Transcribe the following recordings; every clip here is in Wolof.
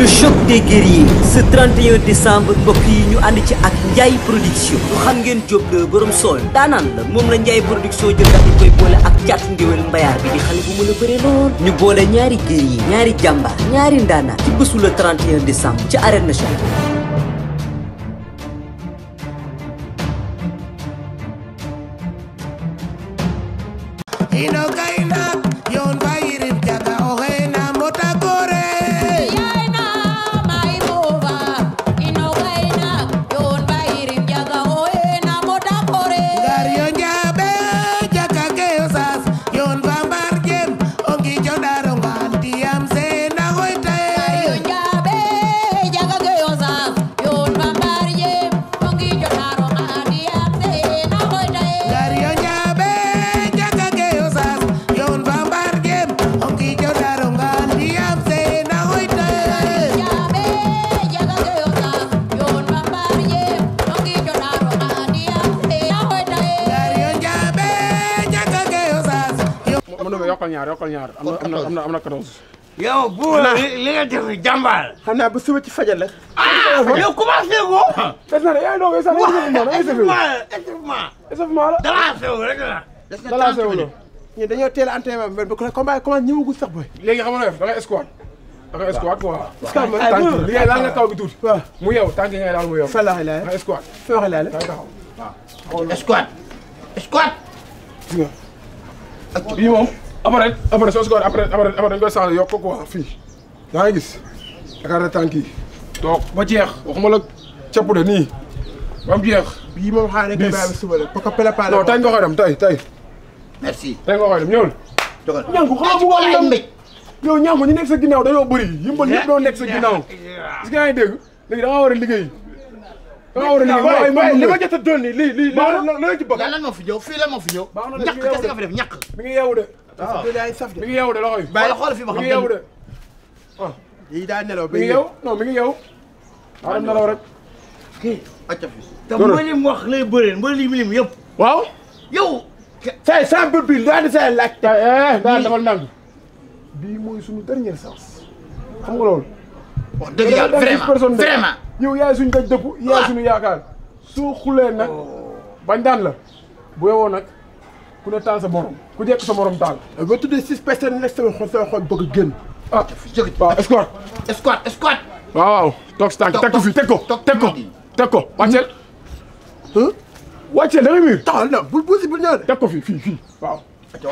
le choc des guerriers ce 31 décembre mbokk yi ñu ànd ci ak Ndiaye production lu xam ngeen Diop la borom sool daanaan la moom la Ndiaye production jël daal di koy boole ak caat ngéwél mbayaar bi di xale bu mën a bëre lool ñu boole ñaari yi ñaari jàmbaar ñaari ndaanaan ci bésu le 31 décembre ci arène nationale You know, bu demee yokkal ñaar yokkal ñaar. am na am na am na quatorze. yow bu li nga def jàmbaar. xam naa ba suba ci fajal la. ah yow commencé ko. des na de yaa ngi doon sax échauffement la dalaa sew rek la. dalaa sew la ñun dañoo teel a entraînement bi ba combat commencé ñëwagul sax booy. léegi xam nga def da ngay escouade. da ngay escouade quoi. escouade mooy ah, tànk li ngay laal nga kaw bi tuuti. waaw mu yow tànk yi ngay laal mu yow. fa laay laal da ngay escouade. fa waxee laal waaw. escouade. escouade. bii moom. après après soo si ko après après après dañ koy changé yokk ko quoi fii yaa ngi gis yaakaar ne tànk yi toog ba jeex waxuma la capp de nii ba mu jeex. bii moom xaaral nga bàyyi suba la pour que préparer. non tey nga koy dem tey tey. merci tey nga koy dem ñëwul. jogal ñànku xanaa bu baax dem yow ñànku ñu nekk sa ginnaaw dañoo bëri yimbal yëpp nekk sa ginnaaw. est-ce que yaa da ngaa war a liggéey. da ngaa war a liggéey waaye li ma jot a doon nii lii lii. baax na lan moo baax na ñàkk kese nga def ñàkk. mi ngi yeewu de waaw ah. mi ngi yow de loxo yi. bàyyi xool fi ma xam mi ngi yow de. Ah. Ah. yii daa nelaw ba mi ngi yow non mi ngi yow. maa dem nelaw rek. kii acca fi. te mboolem wax lay bëree mboolem lim yëpp. waaw. yow. say sans bët bi daal di say laajte. eh, eh daal defal ndànk. bii mooy suñu dernière chance. xam nga loolu. wax dëgg yàlla vraiment vraiment. yow yaay suñu daj dëpp yaay suñu yaakaar. soo xulee nag. Oh. bañ daan la. bu yowoo nag. ku ne taal sa ku jekk sa morom taal. Eh, boo tuddee six personnes nekk sama xol sama xol bëgg a génn. ah jërëjëf waaw escort. escort waaw waaw toog si tànk teg ko fii teg ko teg ko teg hmm? da nga na bul bul si bul ñëw teg ko fii fii fii waaw.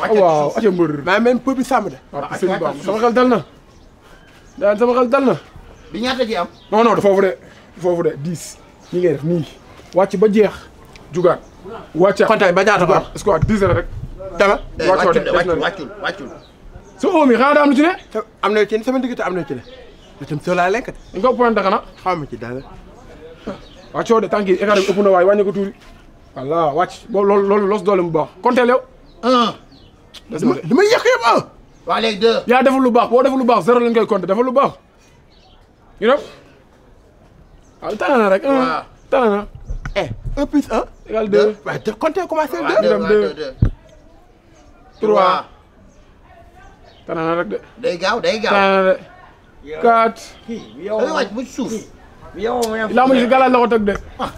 Ah, waaw acca mbër. maa meen pël bi sàmm de. waaw sëñ Ba sama xel am. non non foofu de foofu de dix. def nii wàcc ba jeex jugaat. wàcce kontaan ba ñaata ko wax est-ce que waa 10 heures su oom yi xanaa daa am lu ci ne. am na ci ne sama diggante am na ci ne. lu tam soo laa lekk na. xaw ma ci dara. waa de tànk yi écart ëpp na waaye wàññi ko tuuti. voilà wàcc boobu loolu loolu los doole mu baax compter yow. un. des na de li may yàq yëpp un. waa yaa deful lu baax boo deful lu baax zéro lañ ngay compter deful lu baax. ñu def waaw tànn na rek. waaw tànn na. eh égal deux waaye te compter commencé deux ñu dem deux trois rek de day gaaw day gaaw tanana de quatre day wàcc bu suuf lamb si galaaj la ko teg de ah,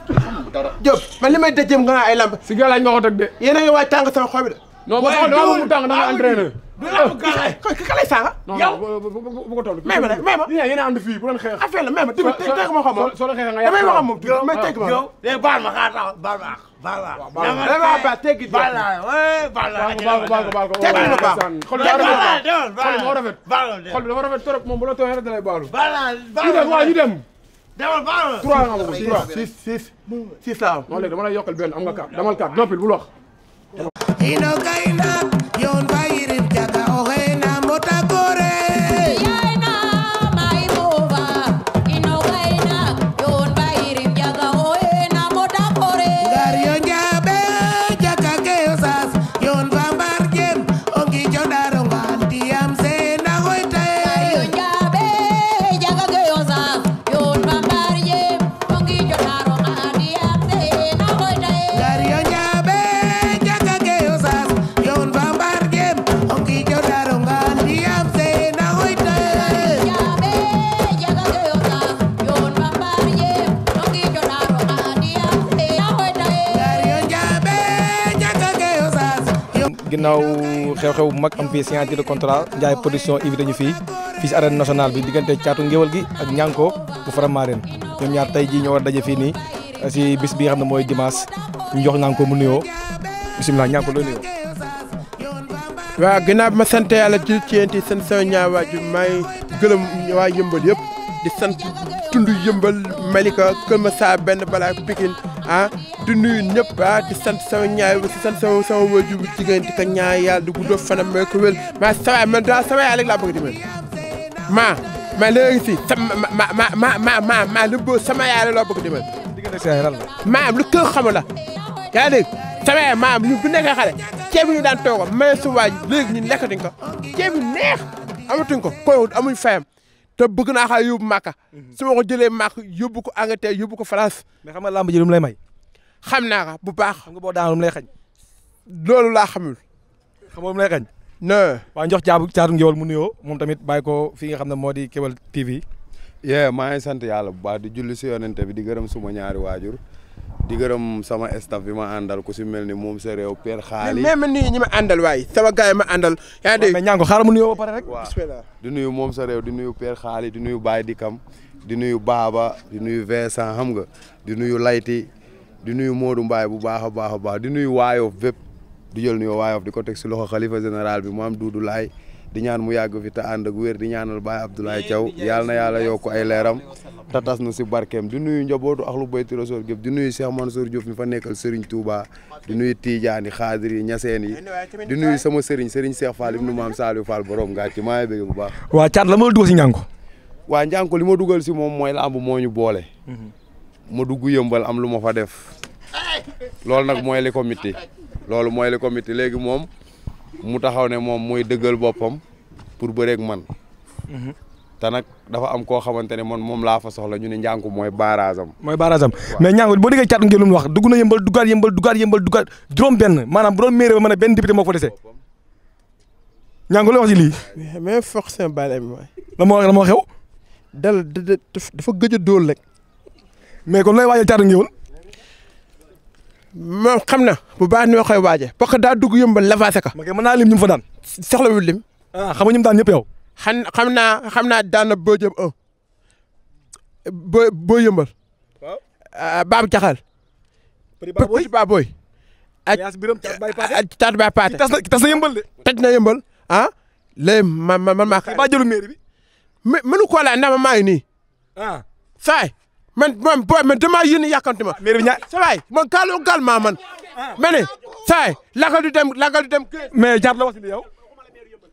Diop man li may dëjëm nga naa ay si galaaj nga ko teg de yéen de non ma dama mu tàng dama entraîneur. du laabu gaale ka lay saaga. yow bu ko toll. may ma de may ma yéen a ànd fii bu leen xeex. affaire la may ma tamit teg ma xam moom soo la xeexee nga yàq ma moom may teg ma. yow de baal ma xaar taxaw baal ma àq. baal ma àq baal ma àq baal teggi baal la baal la baal ko baal ko baal ko. teggi na baax xol bi dafa rafet xol bi dafa rafet trop moom bu la tooyee rek da lay baalu. baal la baal la ñu dem waaw ñu dem. demal baal la trois nga ma ko trois six six six la am. léegi dama lay yokkal benn am nga quatre damal quatre noppil bul wax y no cae nada. naaw xew-xew bu mag am fii signature de contrat Ndiaye production invité ñu fii fii si nationale bi diggante caatu ngéwal gi ak ñànko bu Faramareen ñoom ñaar tey jii ñoo war a daje fii nii si bis bi nga xam ne mooy dimanche ñu jox ñànko mu nuyoo bisimilah ñànko loo nuyoo. waaw ginnaaw bi ma sant yàlla ci ci yéen ci seen sama ñaar waajur may gërëm waa yëmbal yëpp di sant tund yëmbal Malika Kër Massar benn balaa Pikine ah di nuyu ñëpp ah di sant sama ñaay si sant sama sama wajur bu jigéen di ko ñaay yàlla di guddoo fanam may ko wér maa sama yaay man daal sama yaay rek laa bëgg di mel maa ma léegi si sama ma ma ma ma ma ma ma lu boo sama yaay rek laa bëgg di mel. maam lu kër xamul la yaa dégg sama yaay maam ñu bu nekkee xale ceeb bi ñu daan tooga may su waaj léegi ñu lekkatuñ ko ceeb bi neex amatuñ ko koy amuñ fayam te bëgg naa xaa yóbbu Màkka mhm. su ma ko jëlee Màkka yóbbu ko Angleterre yóbbu ko France. mais xam nga làmb ji lay may. xam naa ko bu baax. xam nga boo daanoo lu mu lay xañ. loolu laa xamul. xam nga lu mu lay xañ. non. waa njox jaabu caatu ngéwal mu nuyoo moom tamit bàyyi ko fii nga xam ne moo di Kewel TV. yee maa ngi sant yàlla bu baax di julli si yonente bi di gërëm suma ñaari waajur. di gërëm sama staff bi ma àndal ku si mel ni moom sa réew Père Xaali mais man nii ñi ma àndal waay sama gars yi ma àndal yaa ngi dégg mais ñaango xaaral mu nuyoo ba pare rek di nuyu moom sa réew di nuyu Père Xaali di nuyu Baye Dikam di nuyu baaba di nuyu Vincent xam nga di nuyu Layti di nuyu Modou Mbaye bu baax a baax a baax di nuyu Waayof bépp du jël nuyoo Waayof di ko teg si loxo xalifa général bi mu am Doudou Laye di ñaan mu yàgg fi te ànd ak wér di ñaanal Baye Abdoulaye Thiaw yàlla na yàlla yokk ay leeram te tas si barkeem di nuyu njabootu Ahlou Bayti Rassoul gépp di nuyu Cheikh Mansour Diouf mi fa nekkal Serigne Touba di nuyu Tidiane yi Xaadir yi Ñaseen yi di nuyu sama sëriñ Serigne Cheikh Fall ibnu Maam Saliou Fall borom ngaa ci maa ngi bu baax. waa Thiat la ma la si Ndiango. waa Ndiango li ma dugal si moom mooy lamb moo ñu boole. Mhm. ma dugg yëmbal am lu ma fa def loolu nag mooy li comité loolu mooy li comité léegi moom. mu taxaw ne moom mooy dëggal boppam pour bëreeg man. Mhm. te nag dafa am koo xamante ne man moom laa fa soxla ñu ne njànku mooy barrage am. mooy barrage am mais ñànku boo déggee caat ngeen wax dugg na yëmbal duggaat yëmbal duggaat yëmbal duggaat juróom benn maanaam bu doon mairie ba ma ne benn député moo ko fa dese. ñànku la wax ci lii. mais foog seen baale bi waay. la moo la xew. dal dafa gëj a dóol rek. mais kon looy waajal caat ngeen moom xam na bu baax ni ma koy waajee que daa dugg yëmbal lavaase ka. ok mën naa lim ñu mu daan. soxlawul lim. ah xam nga ñu daan ñëpp yow. xam naa xam naa daan na boo jëm un boo boo yëmbal. waaw Jaxal. Ah, Petit Baboy ak taat bay paate tas na yëmbal de. taj na yëmbal ah léegi man maa. ba ma maa ngi nii. ah man man booy man damaa yéene yàkkanti ma. mairie bi ña sa waay man kaaloo gaal maa man. ma ne laka du dem laka du dem. mais jaar la wax si yow.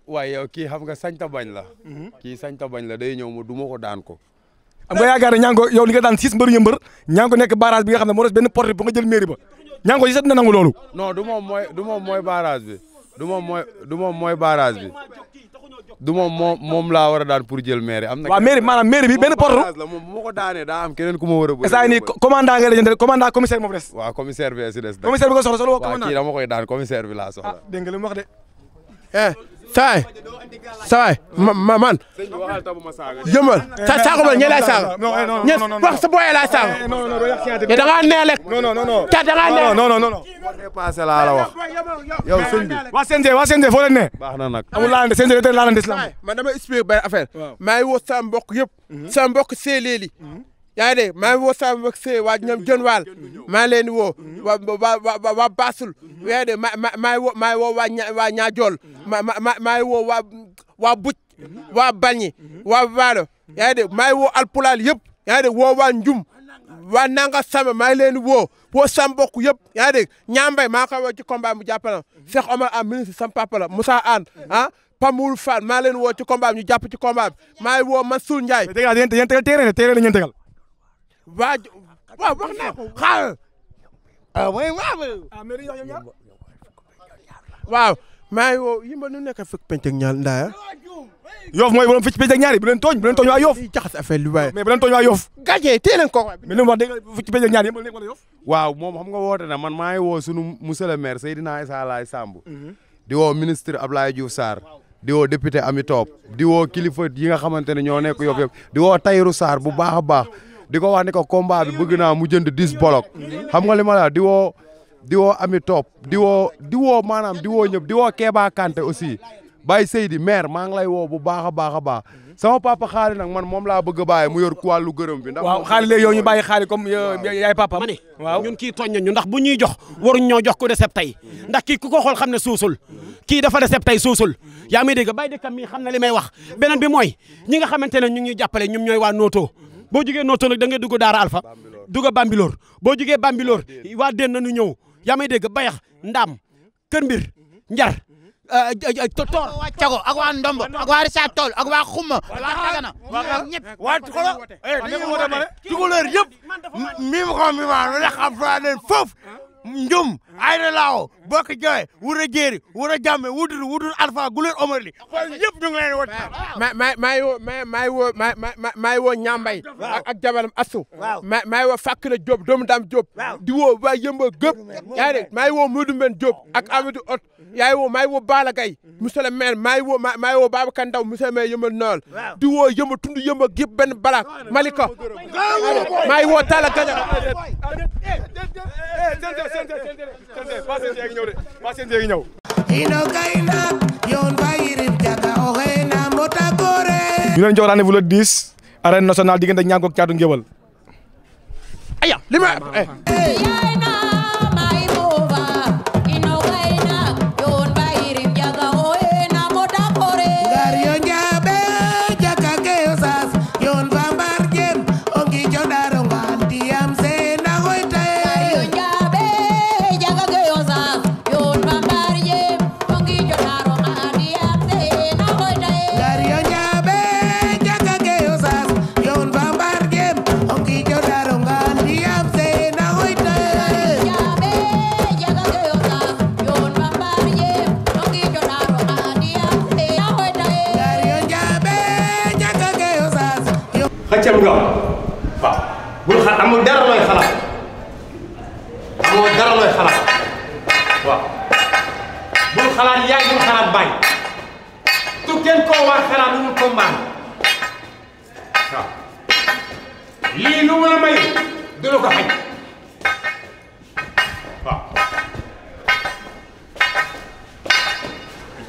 waaye kii xam nga sañta bañ la. kii sañta bañ la dey ñëw mo du ma ko daan ko. am nga yaakaar ne ñaango yow li nga daan six mbër yu mbër ñaango nekk barrage bi nga xam ne moo des benn porte bu nga jël mairie ba ñaango yi sax dina nangu loolu. noo du moom mooy du moom mooy barrage bi moom mooy du moom mooy barrage bi. du moom moom moom laa war a daan pour jël maire am na. waaw maire maanaam maire bi benn porte. moom bu ma ko daanee daa am keneen ku ma war a. est-ce des. waaw commissaire bi si des. commissaire bi nga soxla soxla woo commandant waaw daan commissaire bi laa soxla. ah de. Eh, saay saay ma man sa saako man ñee laay saako ñes wax sa booyee laay saako te da ngaa neex rek te da ngaa neex non non non dépassé laa la wax yow sëñ bi waa CNG waa CNG foo leen ne baax na nag amul laalante CNG da leen laalante islam man benn affaire maa ngi woo sa mbokk yëpp mhm. sa mbokk seeléeli mhm. yaa ngi dégg maa woo sama mbokk see waa ñoom jën waal maa ngi leen di woo mm-hmm. waa waa waa Baasul mm-hmm. yaa woo maa ngi woo waa ña waa Ñaajool mm-hmm. maa maa woo waa waa Buc waa Bañi waa Waalo woo Alpulaal yëpp yaa ngi dégg woo waa Njum waa Nanga Sama maa ngi leen woo woo sama mbokk yëpp yaa ngi dégg maa ngi koy woo ci combat mu jàppale Cheikh Omar am ah, ministre sama papa la Moussa Anne ah. Pamoul Fall maa leen woo ci combat ñu jàpp ci combat bi maa ngi woo Mansour Ndiaye. mais dégg nga yéen tegal terrain la terrain la waa waaw wax naa ko xaaral. ah, ah mooy waaw. waaw maa ngi woo yimba nu nekk fekk penc ak bu doon ah. yi bu leen tooñ bu leen tooñ waa yoof. jaxas affaire lu waaye mais bu leen tooñ waa yoof. gàcce teel a ko wax. mais li mu wax dëgg fecc penc ak ñaar yëpp la yoof. waaw moom xam nga man maa ngi woo sunu monsieur le maire Seydina Issa Laye Samb. Mhm. di woo ministre Abdoulaye Diouf Sarr. di woo député Ami Top di kilifa yi nga xamante ne ñoo nekk yoof di woo Tayrou Sarr bu baax a baax di ko wax ne ko combat bi bëgg naa mu jënd dix bolok xam nga li ma la di woo di woo ami topp di woo di woo maanaam di woo ñëpp diwoo woo Kéba Kanté aussi Baye Seydi maire maa ngi lay woo bu baax a baax a baax sama papa xaali nag man moom laa bëgg a mu yor ku wàllu gërëm bi. ndax waaw xaali léegi yow ñu bàyyi xaali comme euh, yaay papa. ma ne waaw ñun ndax bu ñuy jox waruñ ño jox ko deseb tey ndax kii ku ko xool xam ne suusul kii dafa deseb tey suusul yaa may dégg bàyyi dëkkam mii xam na li may wax beneen bi mooy ñi nga xamante ne ñu ngi jàppale ñoom ñooy waa nootoo boo jugee nooto nag da ngay dugg Daara Alpha dugg Bambilor boo jugee Bambilor waa den nañu ñëw yaa may dégg Bayax Ndaam Kër Mbir Njar toor waa Cago ak waa Ndombo ak waa Richard Toll ak waa Xuma waa Tagana ñëpp waa xolo tukulóor yëpp mi ma xam ma la faa leen foofu njum Aïda Lao Bokk Joy Wura Jéeri Wura Jàmme Wudur Wudur Alpha Guler Omar li xool yëpp ñu ngi leen wot ma ma maay woo ma maay woo ma ma maay woo ñambay ak jabaram Assu ma maay woo Fakra Diop doomu Dam Diop di woo waa Yëmba Gëpp yaa dégg maay woo Modou Mbène Diop ak Amadou Hott yaay woo maay woo Bala Gaye monsieur le maire maay woo maay woo Babacar Ndaw monsieur le maire Yëmba Nool di woo Yëmba tund Yëmba Gëpp benn balak Malika maay woo Talla Gadia Passe Ndiaye ñëw de Passe Ndiaye ñëw ino kayna yoon bayirim jaga oxena mota gore ñu leen jox rendez-vous le 10 arène nationale diggante Niankou ak Thiatou Nguéweul aya li ma eh.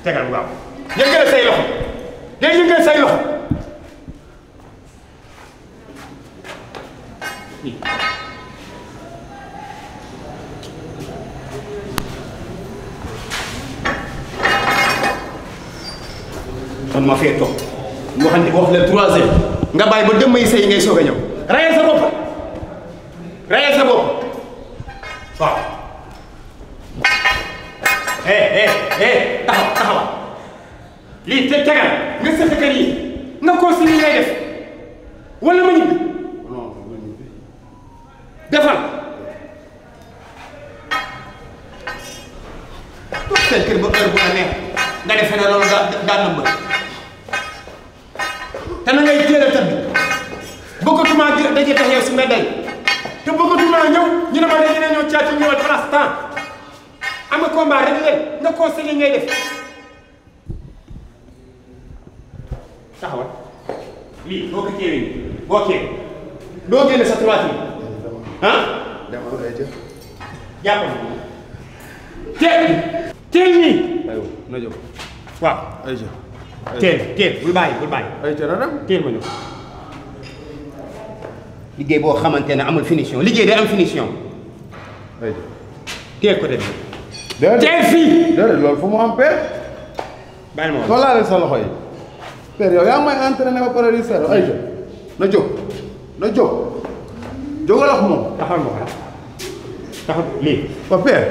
tegal bu gaaw yëngal say loxo ngay yëngal say loxo kon ma fee toog mu wax ne wax la trois heures nga bàyyi ba dëmm yi sëy ngay soog ñëw taxawal lii te tegal nga sa kër yi nga continuer ngay def wala ma ñibbi defal toog seen kër ba heure bu neex nga defe ne loolu daa daa nëmb te na ngay jéem a tëdd bëggatuma gi daje tax yow si mbedd yi te bëggatuma ñëw ñu ne ma dañu ne ñëw caa ci ñëwal place temps am nga combat rek leen nga conseiller ngay def. taxawal lii boo ko kiiwee nii boo kiiwee doo génne sa trois mille ah. demoon ay jëf. jàpp na. teel. teel nii. aywa na jóg waaw. ay jëf. teel teel bul bàyyi bul bàyyi. ay jëf dana teel ma ñëw. liggéey boo xamante ne amul finition liggéey day am finition. ay jëf. teel ko dem. déedéet teel fii. déedéet loolu fu mu am père. bàyyi ma woon soo laalee sa loxo yi. père yow yaa may entraîné ba pare di seetlu ay na jóg na jóg jógal ak moom. taxaw ma ko ah. taxaw lii. ba père.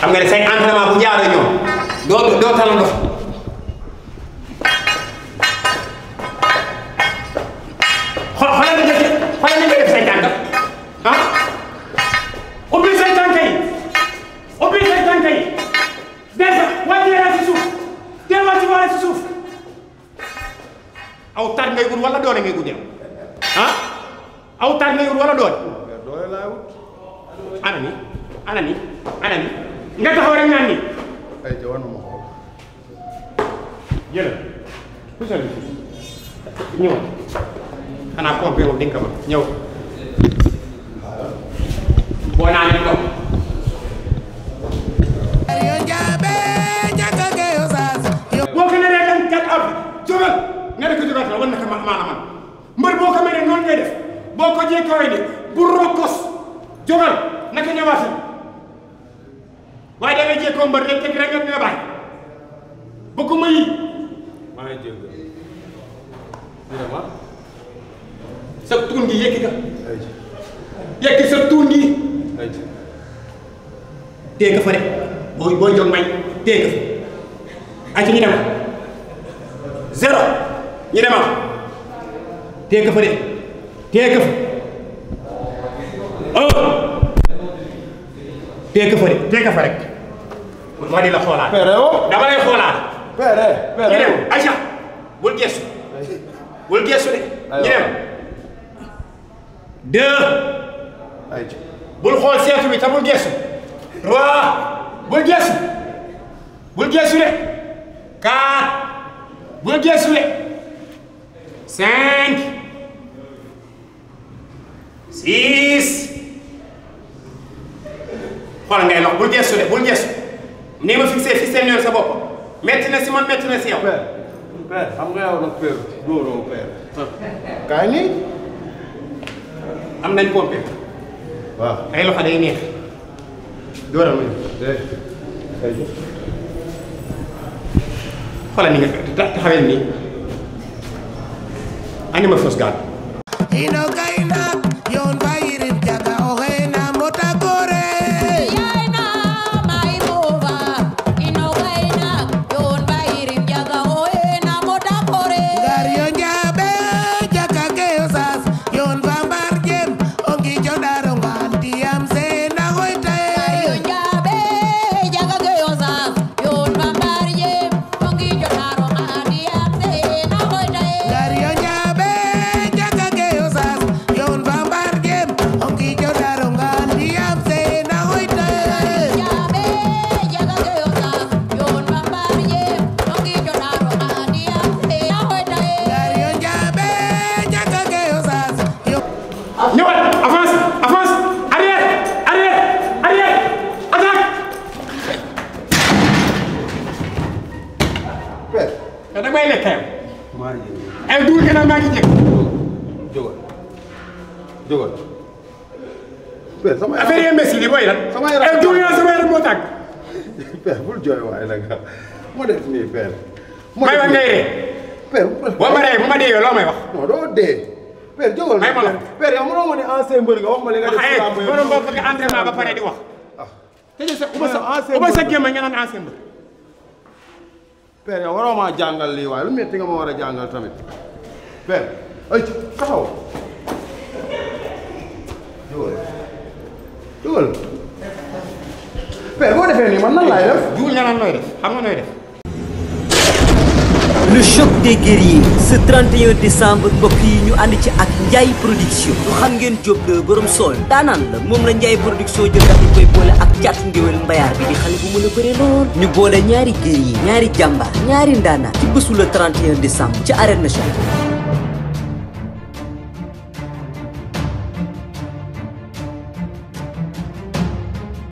xam nga ne say entraînement bu jaaree ñoom. doo doo tal ndox xool xoolal nga def xoolal nga def say tànk ah ubbi say suuf teewaat si wala si suuf aw tar ngay wut wala doole ngay wut yow ah? aw tar ngay wut wala doole. doole laa wut. ana ni ana nga taxaw ay ca wan ma xool jëlal pusal ñëw xanaa pompe bi moom di nga ko mën ñëw boo naa ne toog boo ko naree dem kat ab jógal nga ne ko jógal tal wan naka ma maana man mbër boo ko meree noonu ngay def boo ko jékkawee ni bu rokos jógal naka ñëwaat waaye da ngay jékkoon mbër rek teg rek nga bàyyi bokkuma yi maa ngi jégg vraiment sa tuun gi fa rek booy booy jóg may téye nga fa aci ñu demal zéro ñu demal téye nga fa de téye nga ma di la xoolaat. péré woo oh. dama eh, eh. bul gestu bul gestu de. aywa bul xool seetu bi te bul gestu. trois de. quatre bul gestu de. cinq six xool ngay lox bul gestu de bul gestu. nii ma se fixé ñoom sa bopp métti na si man métti na si yow. père père nga yow nag père dóoroo père. kaay nii. am nañ pompe. waaw ay loxo day neex. dóoram lañu. xoolal ni nga taxawee nii. ani ma fos gaal. te nag may lekk yow. maa ngi maa ngi jégalu. jógal jógal. père sama yaram affaire yi messi li booy lan. sama yaram ay dugal sama yaram moo tàgg. père bul moo def nii père. moo def nii may dee. père boo ma dee bu ma dee yow loo may wax. non doo dee. père jógal may ma la père yow mënoo ma ne ancien mbër nga wax ma li nga def. waaw ay borom boo fekk entraînement ba pare di wax. Ah. te de sa ku ma sa ku ma sa gémma nga naan ancien mbër. père waroo maa jàngal lii waaye lu metti nga ma war a jàngal tamit père ay taxaw jógal jógal père boo defee nii man nan def juul nga nooy def xam nga nooy def le choc des guerriers ce 31 décembre mbokk yi ñu ànd ci ak Ndiaye production ñu xam ngeen Diop de borom sool daanaan la moom la Ndiaye production jël daal di koy boole ak caatu ngéwél mbayaar bi di xale bu mën a bëre lool ñu boole ñaari guerrier ñaari jàmbaar ñaari ndaanaan ci bésu le 31 décembre ci arène nationale